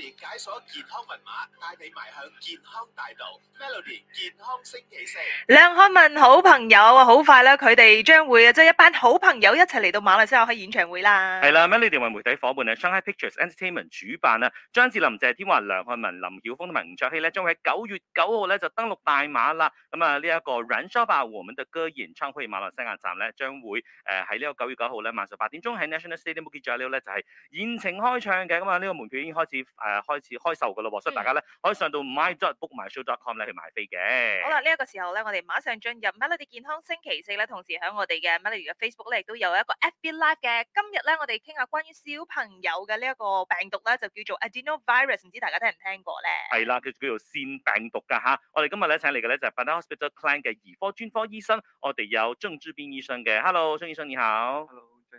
解鎖健康密碼，帶你邁向健康大道。Melody 健康星期四，梁漢文好朋友啊，好快咧，佢哋將會啊，即係一班好朋友一齊嚟到馬來西亞開演唱會啦。係啦，Melody 同埋媒體伙伴咧，Shanghai Pictures Entertainment 主辦啊，張智霖、謝天華、梁漢文、林曉峰同埋吳卓羲咧，將喺九月九號咧就登陸大馬啦。咁啊，呢一、這個 r a n Shopper 和我們的歌演唱會馬來西亞站咧，將會誒喺呢個九月九號咧，晚上八點鐘喺 National Stadium Bukit Jalil 咧就係現場開場開唱嘅。咁啊，呢個門票已經開始。誒開始開售嘅咯喎，所以大家咧可以上到 m y t r a b o o k m y s h o w c o m 咧去買飛嘅，嗯。好啦，呢、這、一個時候咧，我哋馬上進入 Melody 健康星期四咧，同時喺我哋嘅 Melody 嘅 Facebook 亦都有一個 FB Live 嘅。今日咧，我哋傾下關於小朋友嘅呢一個病毒咧，就叫做 Adeno Virus，唔知大家聽唔聽過咧？係啦，叫做腺病毒㗎嚇。我哋今日咧請嚟嘅就係 h c l n 嘅兒科專科醫生，我哋有張珠邊醫生嘅。Hello，張醫生你好。Hello，Jensen,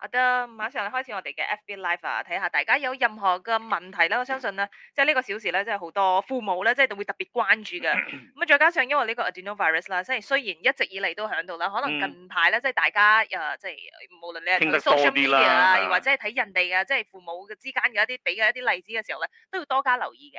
好的，馬上開始我哋嘅 FB Live 啊，睇下大家有任何嘅問題咧，我相信咧，即係呢個小時咧，即係好多父母咧，即係會特別關注嘅。咁啊，再加上因為呢個 Adeno Virus 啦，雖然雖然一直以嚟都響度啦，可能近排咧，即係大家誒，即、嗯、係無論你喺 s o c i a 啊，或者係睇人哋嘅，即係父母嘅之間嘅一啲俾嘅一啲例子嘅時候咧，都要多加留意嘅。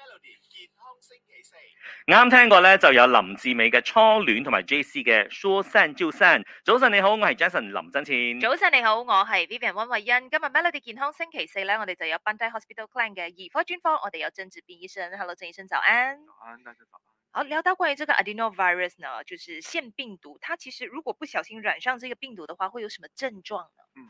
Melody，健康星期四啱聽過咧，就有林志美嘅初戀，同埋 J C 嘅 Susan、嗯、說早晨你好，我係 Jason 林振前。早晨你好，我係 Vivian 温慧欣。今日 Melody 健康星期四咧，我哋就有 Pantai Hospital Klang 嘅兒科專科，我哋有鄭志斌醫生。Hello，鄭醫生早安。大、嗯、家好。好聊到關於這個 Adenovirus 呢，就是腺病毒，它其實如果不小心染上這個病毒的話，會有什麼症狀呢？嗯.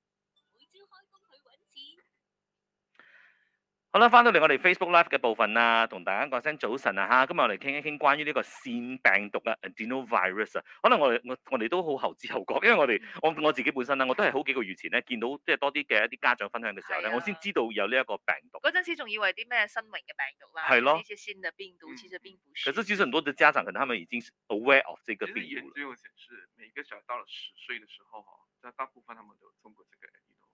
好啦，翻到嚟我哋 Facebook Live 嘅部分啦，同大家講聲早晨啊哈！今日我哋傾一傾關於呢個腺病毒啊 Adeno Virus 啊，Adenovirus，可能我哋我我哋都好後知後覺，因為我哋我我自己本身啦，我都係好幾個月前咧見到即係多啲嘅一啲家長分享嘅時候咧、啊，我先知道有呢一個病毒。嗰陣、啊、時仲以為啲咩新嘅病毒啦，係咯、啊，一些新嘅病毒，病毒、嗯、其實並不是。可是其實很多嘅家長可能他們已經 aware of 呢個病毒。研究顯示，每個小孩到了十歲嘅時候，吓，但大部分他們都中過這個人。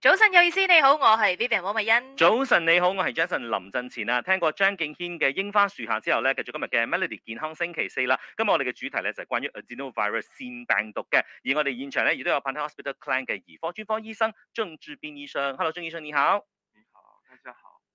早晨有意思，你好，我係 Vivian 黃美欣。早晨你好，我係 Jason 林振前啊。聽過張敬軒嘅《櫻花樹下》之後咧，繼續今日嘅 Melody 健康星期四啦。今日我哋嘅主題咧，就係關於 Adenovirus 腺病毒嘅，而我哋現場咧亦都有 Pacific Hospital Clinic 嘅兒科專科醫生張志斌醫生。Hello，張醫生你好。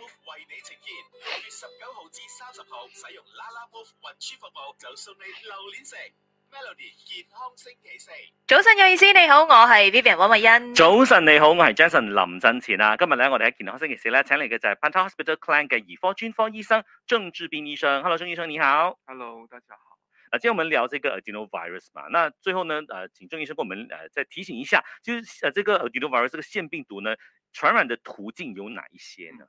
為你呈現六月十九號至三十號使用拉拉 Move 運輸服務，就送你榴蓮食。Melody 健康星期四，早晨，有意思，你好，我係 Vivian 黃慧欣。早晨，你好，我係 Jason 林振前啊。今日咧，我哋喺健康星期四咧，請嚟嘅就係 Pantai Hospital Klang 嘅兒科專科醫生鄭志斌醫生。Hello，鄭醫生你好。Hello，大家好。啊，今日我們聊這個 Adeno Virus 嘛。那最後呢，誒、呃，請鄭醫生跟我們誒、呃、再提醒一下，就是誒、呃，這個 Adeno Virus 個腺病毒呢，傳染的途徑有哪一些呢？嗯